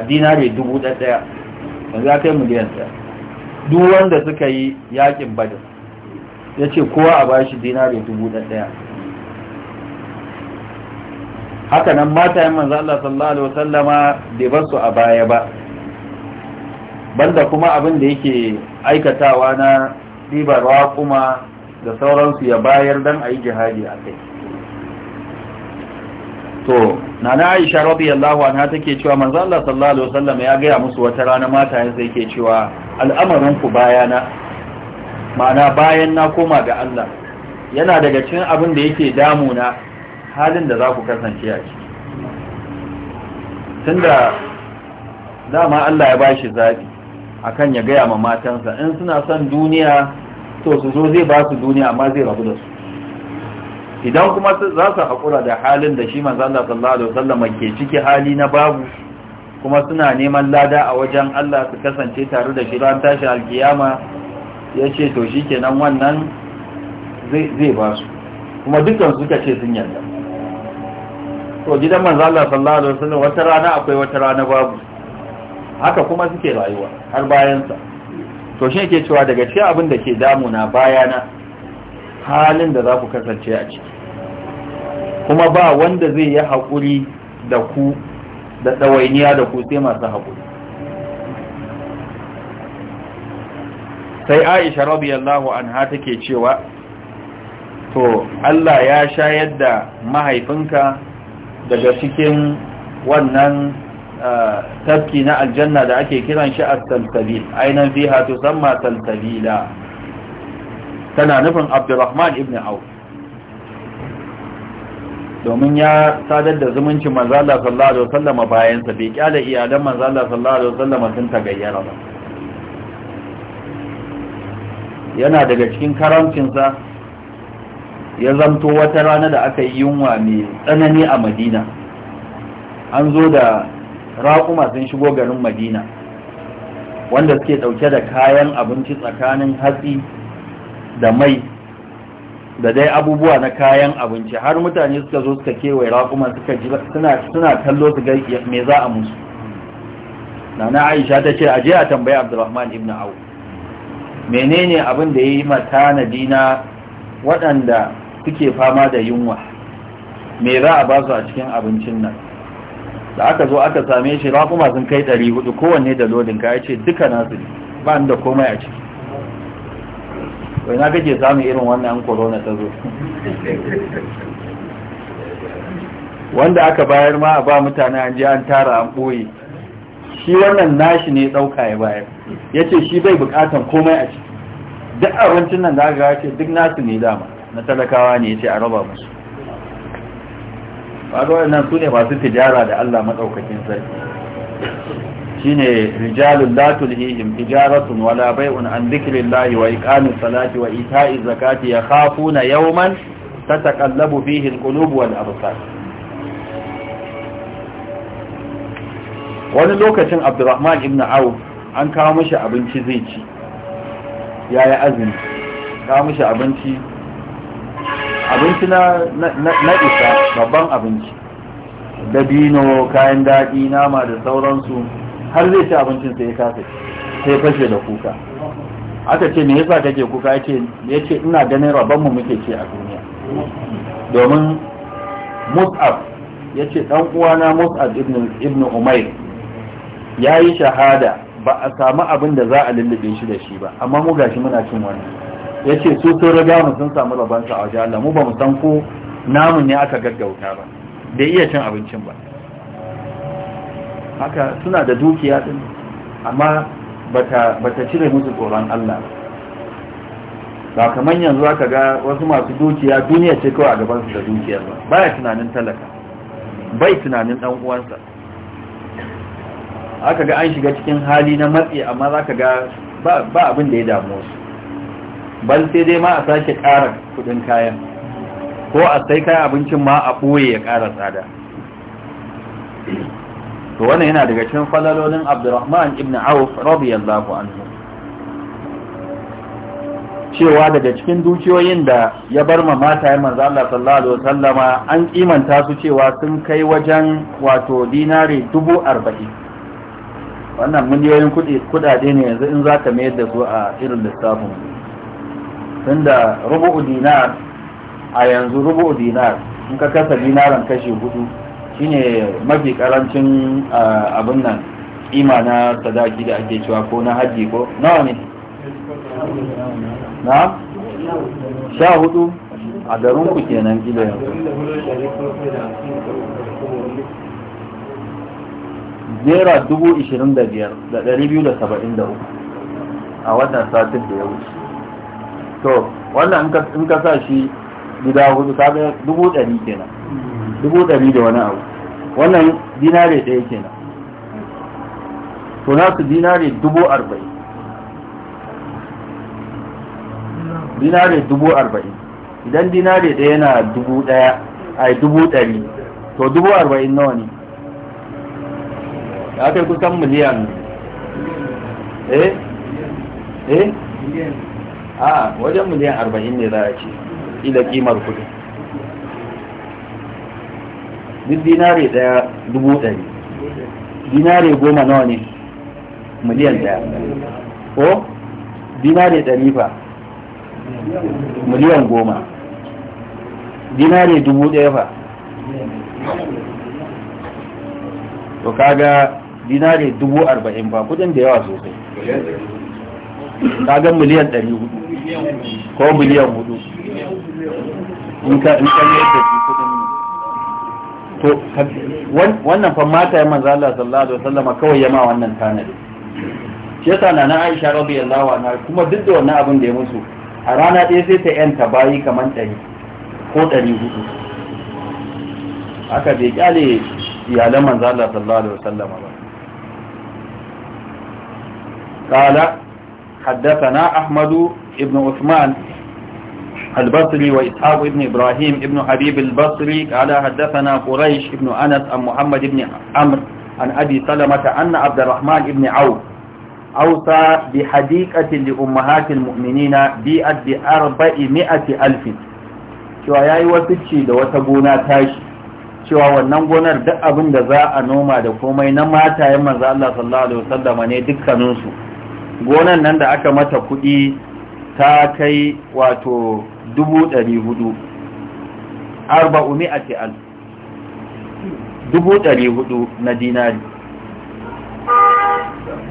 dinare dubu ɗaya yanzu aka yi miliyan ɗaya duk wanda suka yi yakin badar ya ce kowa a bashi dinare dubu ɗaya haka nan mata yi manzan Allah sallallahu Alaihi wasallama ba su a baya ba banda kuma abin da yake aikatawa na ɗibar waƙuma da sauransu ya bayar don a yi jihadi a kai to na na aisha radiyallahu ta ke cewa manzo Allah sallallahu alaihi wasallam ya gaya musu wata rana mata yanzu yake cewa al'amarin ku bayana ma'ana bayan na koma ga Allah yana daga cin abin da yake na halin da za ku kasance a ciki tunda dama Allah ya bashi zabi akan ya gaya ma matansa in suna son duniya to su zo zai ba su duniya amma zai rabu da su idan kuma za su haƙura da halin da shi manzan da sallallahu alaihi wasallam ke ciki hali na babu kuma suna neman lada a wajen Allah su kasance tare da shi ran tashi alkiyama ya ce to shi kenan wannan zai ba su kuma dukkan suka ce sun yarda to gidan manzan Allah sallallahu alaihi wasallam wata rana akwai wata rana babu haka kuma suke rayuwa har bayansa to shi ke cewa daga ce abin da ke damu na bayana halin da za ku kasance a ciki kuma ba wanda zai yi haƙuri da ku da ɗawainiya da ku sai masu haƙuri sai aisha rabiyallahu anha take cewa to Allah ya shayar da mahaifinka daga cikin wannan tafki na aljanna da ake kiran shi a taltabil ainihin fiha tusamma taltabila tana nufin abdurrahman ibn auf domin ya sadar da zumuncin manzala sallallahu alaihi bayansa bai kyale iyalan manzala sallallahu alaihi wasallama sun gayyana ba yana daga cikin karamcinsa ya zanto wata rana da aka yi yunwa mai tsanani a madina an zo da raƙuma sun shigo garin madina wanda suke ɗauke da kayan abinci tsakanin hatsi da mai da dai abubuwa na kayan abinci har mutane suka zo suka kewaye raƙuma suka ji suna kallo su ga me za a musu nana aisha ta ce aje a tambayi abdulrahman ibn au menene abin da ya yi matanadi na waɗanda suke fama da yunwa me za a ba su a cikin abincin nan da aka zo aka same shi raƙuma sun kai 400 kowanne da lodin ka ya ce duka nasu ba da komai a ciki wai na kake samun irin wannan corona ta zo wanda aka bayar ma a ba mutane an je an tara an ɓoye shi wannan nashi ne ɗauka ya bayar ya ce shi bai buƙatan komai a ciki duk abincin nan da aka ce duk nasu ne dama na talakawa ne ya ce a raba musu ba waɗannan su ne masu tijara da Allah maɗaukakin sarki shine rijalun la tulhihim tijaratun wala bai'un an dhikrillahi wa iqamis salati wa ita'iz zakati yakhafuna yawman ta fihi fihin wal absar wani lokacin Abdurrahman ibn au an kawo abinci zai ci yaya azumi kawo abinci abinci na isa babban abinci dabino kayan daɗi nama da sauransu har zai ci abincin sai ya kasa sai fashe da kuka aka ce me yasa kake kuka ya yace ina ganin rabon mu muke ce a duniya domin mus'ab yace ɗan uwana mus'ab ibn umair ya yi shahada ba a samu abin da za a lullube shi da shi ba amma mu gashi muna cin wani. yace su sun riga mu sun samu rabon sa a wajen Allah mu ba mu san ko namu ne aka gaggauta ba bai iya cin abincin ba haka suna da dukiya din amma bata bata cire musu tsoron Allah ba kamar yanzu aka ga wasu masu dukiya duniya ce kawai a gaban su da dukiyar ba baya tunanin talaka bai tunanin dan uwansa aka ga an shiga cikin hali na matsi amma zaka ga ba abin da ya damu su ban sai dai ma a sake ƙara kuɗin kayan ko a sai kayan abincin ma a ɓoye ya ƙara tsada to wannan yana daga cikin falalolin abdurrahman ibn auf radiyallahu anhu cewa daga cikin dukiyoyin da ya bar ma mata manzo Allah sallallahu alaihi wasallama an kimanta su cewa sun kai wajen wato dinari 40 wannan miliyoyin kudi kudade ne yanzu in zaka mayar da su a irin lissafin tunda rubu'u dinar a yanzu rubu'u dinar in ka kasa dinaran kashi hudu shine mafi karancin abin nan kima na sadaki da ake cewa ko na haji ko nawa ne na sha hudu a garin ku kenan gida yanzu naira dubu ishirin da biyar da ɗari biyu da saba'in da uku a wannan satin da ya wuce to wannan in ka sa shi guda hudu ka ga dubu ɗari kenan dubu ɗari da wani abu wannan dinare ɗaya kenan to na su dinare dubu arba'in dinare dubu arba'in idan dinare ɗaya yana dubu ɗaya ai dubu ɗari to dubu arba'in nawa ne ya kai kusan miliyan eh eh a wajen miliyan arba'in ne za a ce ila kimar kudi duk dinare daya dubu dari dinare goma nawa ne miliyan daya ko dinare dari fa miliyan goma dinare dubu daya fa to kaga dinare dubu arba'in ba kudin da yawa sosai kaga miliyan dari hudu ko miliyan hudu in kan yadda shi kudin to wannan fa mata ya manzo Allah sallallahu alaihi wasallama kawai yama wannan tanadi shi yasa na Aisha radiyallahu anha kuma duk da wannan abin da ya musu a rana ɗaya sai ta yanta bayi kamar ɗari ko ɗari hudu aka bai kyale iyalan manzo Allah sallallahu alaihi wasallama ba qala حدثنا أحمد بن عثمان البصري وإسحاق بن إبراهيم بن حبيب البصري قال حدثنا قريش بن أنس عن محمد بن عمرو عن أبي سلمة أن عبد الرحمن بن عوف أوصى بحديقة لأمهات المؤمنين بيئت بأربعمائة ألف cewa ya yi wasicci da wata gona tashi cewa wannan gonar duk abin da za a noma da komai na matayen manzo Allah sallallahu alaihi wasallama ne dukkaninsu gonan nan da aka mata kuɗi ta kai wato dubu ɗari hudu arba'umi a fi'al dubu ɗari hudu na dinari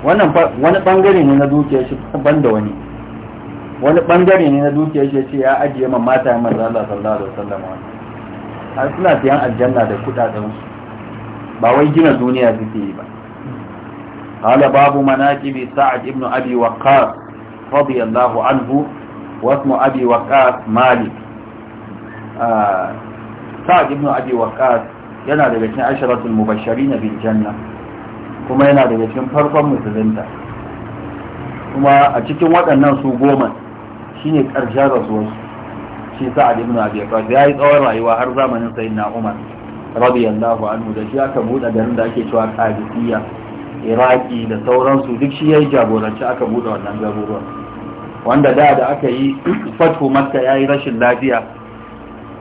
wani ɓangare ne na dukiya shi ban da wani wani ɓangare ne na dukiya shi ce ya ajiye ma mata ya manzan Allah sallallahu alaihi wasallam har suna siyan aljanna da kuɗaɗen su ba wai gina duniya suke yi ba قال باب مناجم سعد ابن أبي وقاص رضي الله عنه واسم أبي وقاص مالك آه، سعد ابن أبي وقاص ينال بشن عشرة المبشرين بالجنة كما ينال بشن فرصا مثلنتا كما أتكتم وقت الناس قوما شين أرجاء رسول شين سعد ابن أبي وقاص يا إذ أورا إيوا أرزا من سيدنا عمر رضي الله عنه دشيا كبود أدرن داكي شوار حادثية iraki da sauransu duk shi ya yi jagoranci aka buɗe wannan garuruwa wanda da da aka yi fatu maska ya yi rashin lafiya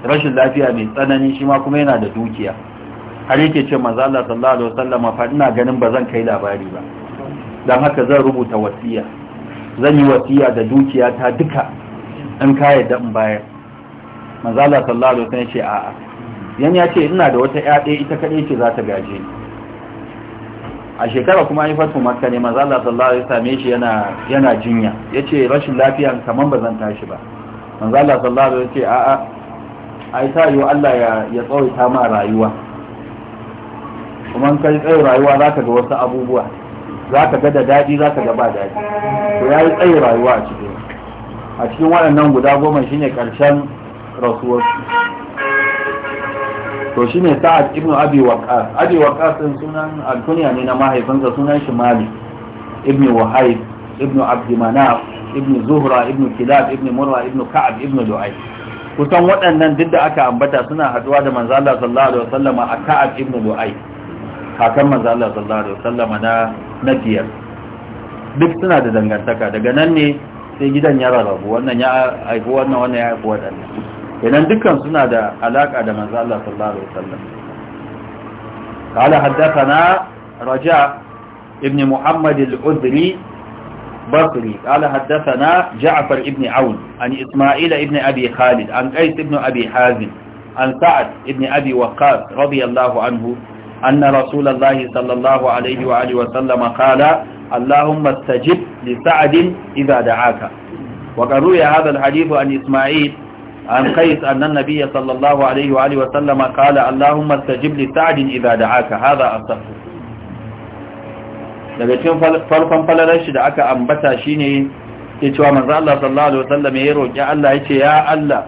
rashin lafiya mai tsanani shi ma kuma yana da dukiya har yake ce manzo sallallahu alaihi wasallam fa ina ganin ba zan kai labari ba dan haka zan rubuta wasiya zan yi wasiya da dukiya ta duka in ka yadda in bayar manzo sallallahu alaihi wasallam ce a'a yan ya ce ina da wata ƴaƴa ita kaɗai ce za ta gaje ni a shekara kuma yi fatu maka ne maza Allah sallallahu alaihi same shi yana yana jinya yace rashin lafiya kaman bazan tashi ba maza Allah sallallahu alaihi yace a a ai ta yo Allah ya ya tsawaita ma rayuwa kuma kai tsaye rayuwa zaka ga wasu abubuwa zaka ga da dadi zaka ga ba dadi to yayi tsaye rayuwa a cikin a cikin waɗannan guda goma shine karshen rasuwarsu. to shine sa'ad ibn abi waqas abi waqas sunan al al-kunya ne na mahaifinsa sunan shi malik ibn wahayb ibn abd manaf ibn zuhra ibn kilab ibn murra ibn ka'ab ibn du'ay kusan waɗannan duk da aka ambata suna haduwa da manzo Allah sallallahu alaihi wasallam a ka'ab ibn du'ay kakan manzo Allah sallallahu alaihi wasallam na na duk suna da dangantaka daga nan ne sai gidan ya rarrabu wannan ya haifi wannan wannan ya haifi wannan kenan dukansu na da alaka da manzo Allah sallallahu alaihi wasallam qala raja ibn muhammad al-udri basri qala haddathana ja'far ibn aun an isma'ila ibn abi khalid an qais ibn abi hazim an sa'd ibn abi waqqas radiyallahu anhu أن رسول الله صلى الله عليه وآله وسلم قال اللهم استجب لسعد إذا دعاك وقد روي هذا الحديث عن قيس أن النبي صلى الله عليه وآله وسلم قال اللهم استجب لسعد إذا دعاك هذا أصفه daga cikin farkon falalar shi da aka ambata shine ya cewa manzo Allah sallallahu alaihi wasallam ya roki Allah ya ya Allah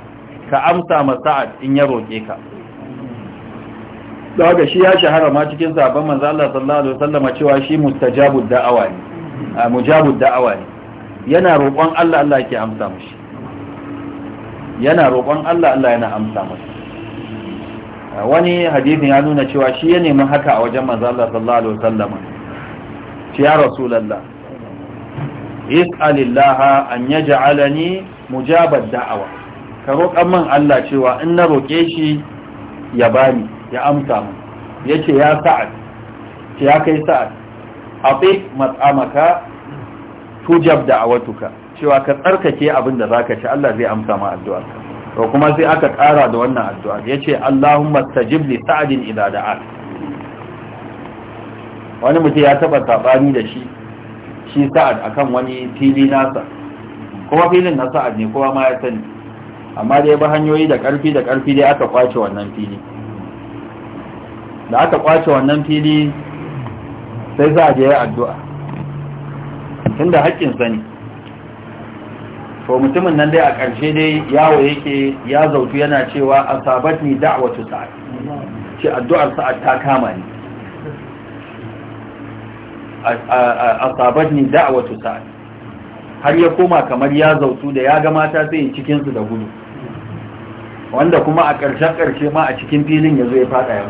ka amsa ma Sa'ad in ya roke ka daga shi ya shahara ma cikin sabon manzo Allah sallallahu alaihi wasallam cewa shi mustajabud da'awa ne mujabud da'awa ne yana roƙon Allah Allah yake amsa mishi yana roƙon Allah Allah yana amsa masa wani hadisin ya nuna cewa shi ya nemi haka a wajen manzo Allah sallallahu alaihi wasallam ci ya rasulullah is'alillah an yaj'alani mujabad da'awa ka roƙan man Allah cewa in na roƙe shi ya bani ya amsa mu yace ya sa'ad ya kai sa'ad abi mat'amaka tujab da'awatuka cewa ka tsarkake abin da za ka ci Allah zai amsa ma addu'a to kuma sai aka ƙara da wannan addu'a yace Allahumma tajib li sa'din idza wani mutum ya taba sabani da shi shi sa'ad akan wani fili nasa kuma filin na sa'ad ne kowa ma ya sani amma dai ba hanyoyi da ƙarfi da ƙarfi dai aka kwace wannan fili da aka kwace wannan fili sai za a je addu'a tunda haƙƙinsa sani to mutumin nan dai a ƙarshe dai yawo yake ya zautu yana cewa sabat ni sa'ad ce addu'ar sa'ad ta kama ni sabat ni da'watu sa'ad har ya koma kamar ya zautu da ya ga mata sai cikin su da gudu wanda kuma a ƙarshen ƙarshe ma a cikin filin ya zo ya faɗa ya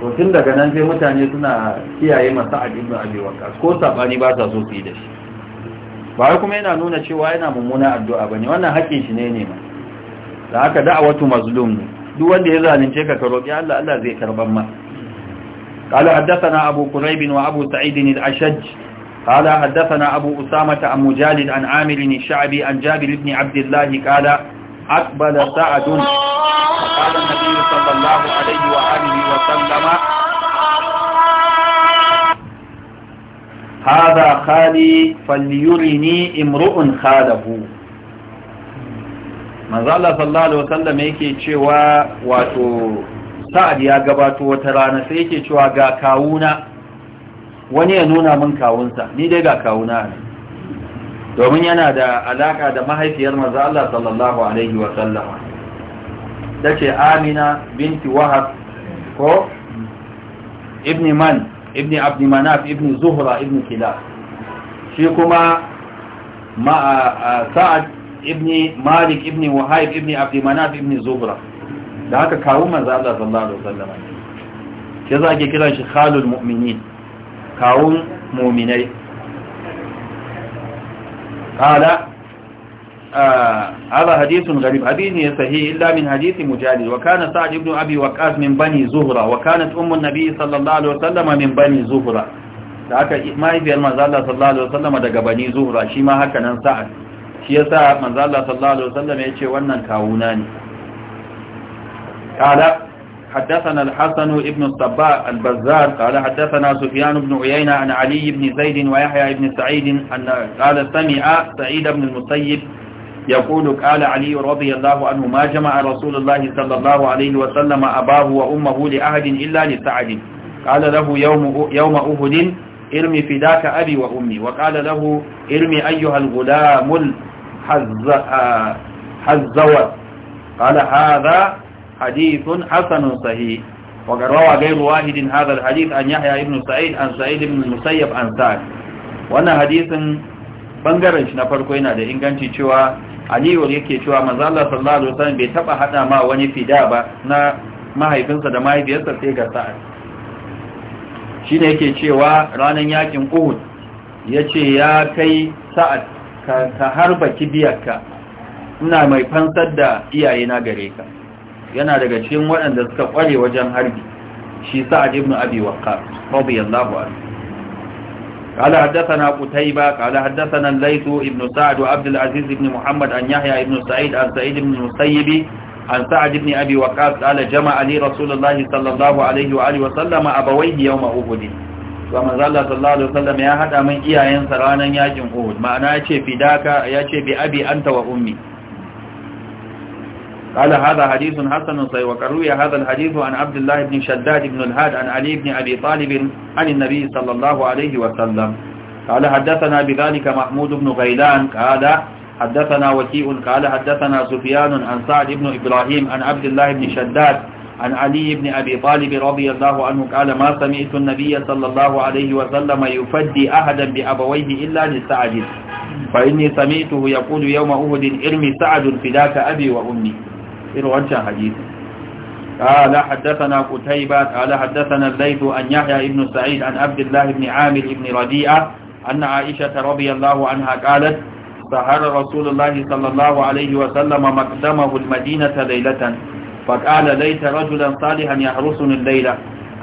to tun daga nan sai mutane suna kiyaye masa a ibn ko sabani ba sa so su yi da shi ba kuma yana nuna cewa yana mummuna addu'a ne, wannan haƙƙin shi ne ne ma da haka da'awatu mazlum ne duk wanda ya zalunce ka ka roƙi Allah Allah zai karban ma قال حدثنا أبو كريب وأبو سعيد الأشج قال حدثنا أبو أسامة عن مجالد عن عامر الشعبي عن جابر بن عبد الله قال أقبل سعد قال النبي صلى الله عليه وآله وسلم hada khali falyurini imru'un khalahu manzala sallallahu alaihi wasallam yake cewa wato sa'ad ya gabato wata rana sai yake cewa ga kawuna wani ya nuna min kawunsa ni dai ga kawuna ne domin yana da alaka da mahaifiyar manzo sallallahu alaihi wa sallam dace Amina binti Wahab ko ibn Man ibn abd manaf ibn zuhra ibn kilab shi kuma sa'ad ibn malik ibn wahib ibn abd manaf ibn zuhra da haka kawo manzo Allah sallallahu alaihi wasallam shi za ke kiran shi khalul mu'minin kawun mu'minai qala آه، هذا حديث غريب حديث يسهي إلا من حديث مجالد وكان سعد بن أبي وقاس من بني زهرة وكانت أم النبي صلى الله عليه وسلم من بني زهرة haka mahaifiyar manzala sallallahu صلى الله عليه وسلم zuhra بني زهرة haka nan sa'ad shi yasa manzala sallallahu صلى الله عليه وسلم wannan وانا ne قال حدثنا الحسن ابن الصباء البزار قال حدثنا سفيان بن عيينة عن علي بن زيد ويحيى بن سعيد أن قال سمع سعيد بن المسيب يقول قال علي رضي الله عنه ما جمع رسول الله صلى الله عليه وسلم أباه وأمه لأحد إلا لسعد قال له يوم, يوم أهد ارمي فداك أبي وأمي وقال له ارمي أيها الغلام الحزوت قال هذا حديث حسن صحيح وقد روى غير واحد هذا الحديث عن يحيى بن سعيد عن سعيد بن المسيب عن سعد وأن حديث bangaren shi na farko yana da inganci cewa aliyu yake cewa manzo Allah sallallahu alaihi wasallam bai taba hada ma wani fida ba na mahaifinsa da mahaifiyarsa sai ga sa'ad shine yake cewa ranan yakin Uhud yace ya kai sa'ad ka, ka harba kibiyarka ina mai fansar da iyaye na gare ka yana daga cikin waɗanda suka kware wajen harbi shi sa'ad ibn abi waqqas radiyallahu anhu قال حدثنا قتيبة قال حدثنا الليث بن سعد وعبد العزيز بن محمد عن يحيى بن سعيد عن سعيد بن المسيب عن سعد بن أبي وقاص قال جمع لي رسول الله صلى الله عليه وآله وسلم أبويه يوم أهد وما زال صلى الله عليه وسلم يا حد من إياه ينصرانا يا جمهود معناه يا شيء في ذاك يا شيء بأبي أنت وأمي قال هذا حديث حسن صحيح وكروي هذا الحديث عن عبد الله بن شداد بن الهاد عن علي بن أبي طالب عن النبي صلى الله عليه وسلم قال حدثنا بذلك محمود بن غيلان قال حدثنا وكيء قال حدثنا سفيان عن سعد بن إبراهيم عن عبد الله بن شداد عن علي بن أبي طالب رضي الله عنه قال ما سمعت النبي صلى الله عليه وسلم يفدي أحدا بأبويه إلا لسعد فإني سمعته يقول يوم أهد ارمي سعد فداك أبي وأمي irin wancan hadisi قال حدثنا قتيبة قال حدثنا الليث أن يحيى بن سعيد عن عبد الله بن عامر بن رديئة أن عائشة رضي الله عنها قالت سهر رسول الله صلى الله عليه وسلم مقدمه المدينة ليلة فقال ليت رجلا صالحا يحرسني الليلة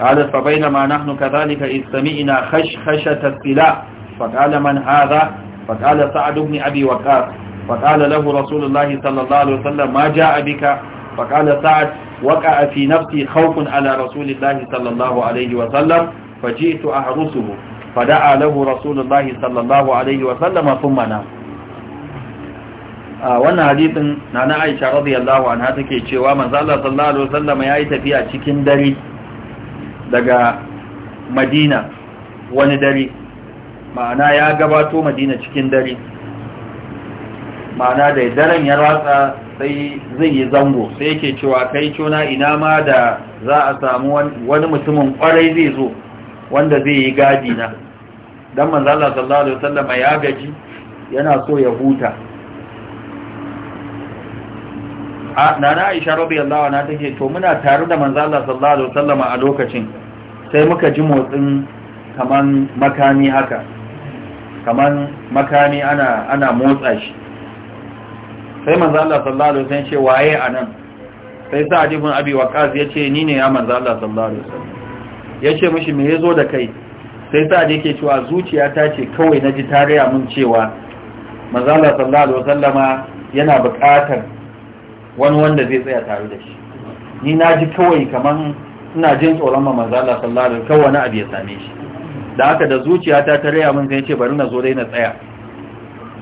قالت فبينما نحن كذلك إذ سمعنا خشخشة السلاء فقال من هذا فقال سعد بن أبي وقاص فقال له رسول الله صلى الله عليه وسلم ما جاء بك فقال سعد وقع في نفسي خوف على رسول الله صلى الله عليه وسلم فجئت أهرسه فدعا له رسول الله صلى الله عليه وسلم ثم نام wannan hadisin na na Aisha radiyallahu anha take cewa manzo sallallahu alaihi wasallam yayi tafiya cikin dare daga Madina wani dare ma'ana ya gabato Madina cikin dare ma'ana da daren ya ratsa sai zai yi zango sai yake cewa kai cuna ina ma da za a samu wani mutumin kwarai zai zo wanda zai yi gadi na dan manzo Allah sallallahu alaihi wasallam ya gaji yana so ya huta A nana Aisha radiyallahu anha take to muna tare da manzo Allah sallallahu alaihi wasallam a lokacin sai muka ji motsin kaman makami haka kaman makami ana ana motsa shi sai manzo Allah sallallahu alaihi wasallam ce waye anan sai Sa'ad Abiwa, Abi Waqqas ce ni ne ya manzo Allah sallallahu alaihi wasallam ce mishi me yazo da kai sai Sa'ad yake cewa zuciyata ce kawai naji tariya mun cewa manzo Allah sallallahu alaihi wasallama yana buƙatar wani wanda zai tsaya tare da shi ni naji kawai kaman ina jin tsoron ma manzo Allah sallallahu alaihi wasallam wani abu ya same shi da haka da zuciyata ta raya mun sai ce bari na zo dai na tsaya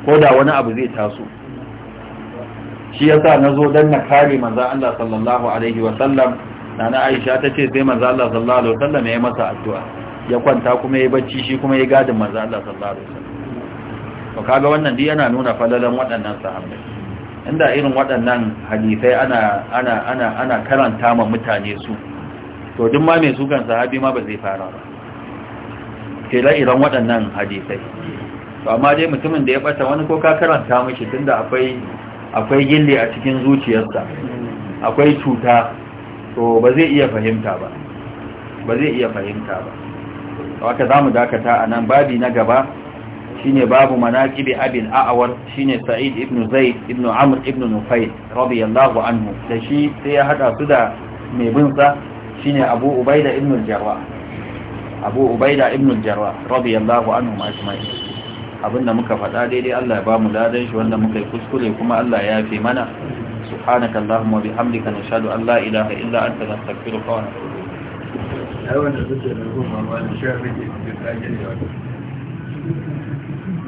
ko da wani abu zai taso shi yasa zo dan na kare manzo Allah sallallahu alaihi wa sallam nana Aisha tace sai manzo Allah sallallahu alaihi wa sallam ya masa addu'a ya kwanta kuma ya bacci shi kuma ya gadin manzo Allah sallallahu alaihi wa sallam to kaga wannan dai yana nuna falalan waɗannan sahabbai inda irin waɗannan hadisai ana ana ana ana karanta ma mutane su to duk ma mai sukan sahabi ma ba zai fara ba kila irin waɗannan hadisai to amma dai mutumin da ya bata wani ko ka karanta mishi tunda akwai akwai gilli a cikin zuciyarsa akwai cuta to ba zai iya fahimta ba ba zai iya fahimta ba haka za mu dakata a nan babi na gaba shine babu manaqibi abin a'awar shine sa'id ibn zaid ibn amr ibn nufayl radiyallahu anhu da shi sai ya hada su da mai bin sa shine abu ubaida ibn jarwa abu ubaida ibn jarwa jarrah radiyallahu anhu majma'in abinda muka faɗa daidai Allah ya ba mu ladan shi wanda muka yi kuskure kuma Allah ya yafe mana subhanaka allahumma bihamdika nashhadu an la ilaha illa anta nastaghfiruka wa natubu ilayk